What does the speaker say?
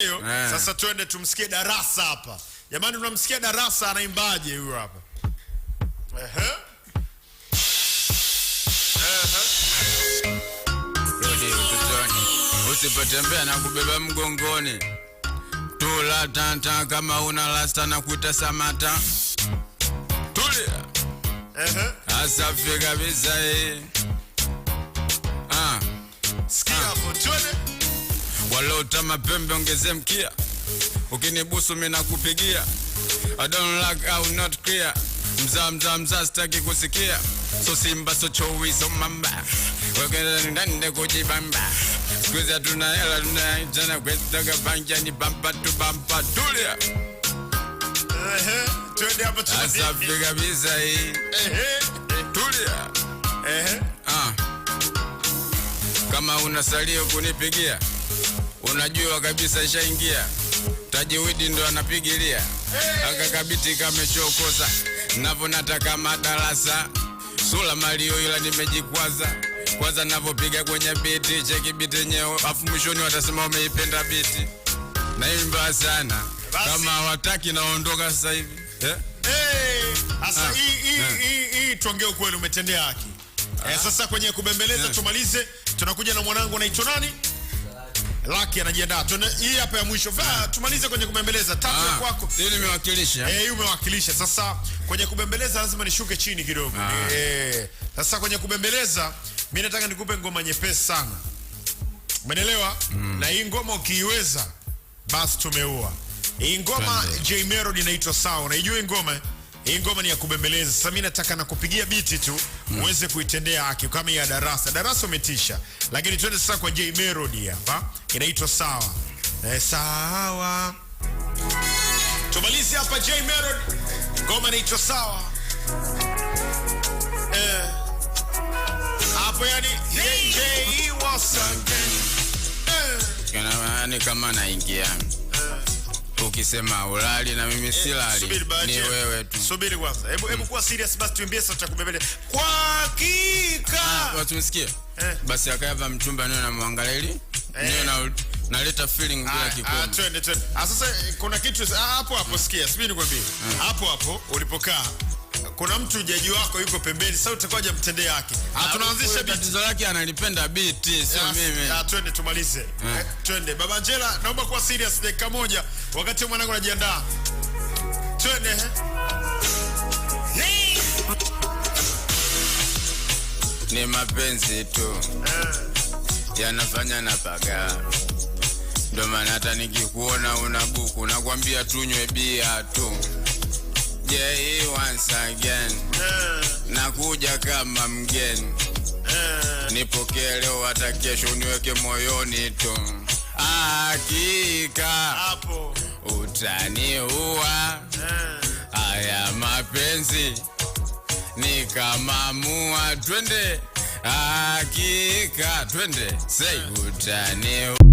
Eh. Sasa twende tumsikie Darasa hapa. Jamani unamsikia Darasa anaimbaje huyo hapa. Ehe. Ehe. Rudi utotoni. Usipotembea na kubeba mgongoni. Tula tanta kama una lasta na kuita samata. Tulia. Ehe. Asafi kabisa hii. Waliotama pembe ongeze mkia, ukinibusu mimi nakupigia. I don't like how not clear. Mzaa mzaa mzaa sitaki kusikia. So Simba so chowi so mamba. Wekeza ndani kujibamba. Sikuzi hatuna hela tunaitana kwetaka banja ni bamba tu bamba tulia. Ehe, twende hapo Asafi kabisa hii. tulia. Ah. Kama unasalio kunipigia unajua kabisa ishaingia tajiwidi ndo anapigilia akakabiti kamechokoza navo nataka madarasa sula malio ila nimejikwaza kwanza navopiga kwenye biti cheki biti nyeo afu mwishoni watasema umeipenda biti naimba sana kama wataki naondoka sasa hivi eh? Sasa ah. ah. hii tuongee ukweli, umetendea haki. Eh, ah. sasa kwenye kubembeleza tumalize, tunakuja na mwanangu anaitwa nani? Laki anajiandaa. Hii hapa ya mwisho. Vaa ah. tumalize kwenye kubembeleza. Tatu ya ah, kwako. Hii nimewakilisha. Eh, hii umewakilisha. Sasa kwenye kubembeleza lazima nishuke chini kidogo. Ah. Eh. Sasa kwenye kubembeleza mimi nataka nikupe ngoma nyepesi sana. Umeelewa? Mm. Na hii ngoma ukiiweza basi tumeua. Hii ngoma J Melody inaitwa Sawa. Unaijua hii ngoma? Eh? Hii ngoma ni ya kubembeleza. Sasa mimi nataka nakupigia biti tu uweze mm. kuitendea haki kama ya darasa darasa umetisha, lakini twende sasa kwa J Melody hapa, inaitwa sawa eh, sawa. tumalizi hapa J Melody, ngoma inaitwa sawa eh, hapo yani J J was again eh, kana kama naingia Ukisema ulali na mimi eh, silali, eh, ni wewe tu. Subiri kwanza, hebu hebu mm. kuwa serious basi, tuimbie sasa cha kumbebele kwa hakika. Ah, watu msikie eh. Basi akaeva mchumba niwe na ili eh. niwe na naleta feeling bila kikomo. Ah, twende twende. Ah, sasa eh, kuna kitu ah, hapo hapo, mm. sikia, subiri nikwambie mm. hapo hapo ulipokaa kuna mtu jaji wako yuko pembeni, sasa utakuwa hujamtendea yake. Ah, tunaanzisha beat. Tatizo lake analipenda beat, sio mimi. Ah, twende tumalize. Eh. Eh, twende. Baba Angela, naomba kuwa serious dakika moja wakati mwanangu anajiandaa. Twende. Eh. Ni mapenzi tu yanafanya na paga ndo maana hata nikikuona unabuku nakwambia tunywe bia tu Yeah, he once again. Uh, nakuja kama mgeni uh, eh. nipokee leo hata kesho niweke moyoni tu, hakika utaniua. Uh, haya mapenzi ni kama mua, twende hakika, twende sei utaniua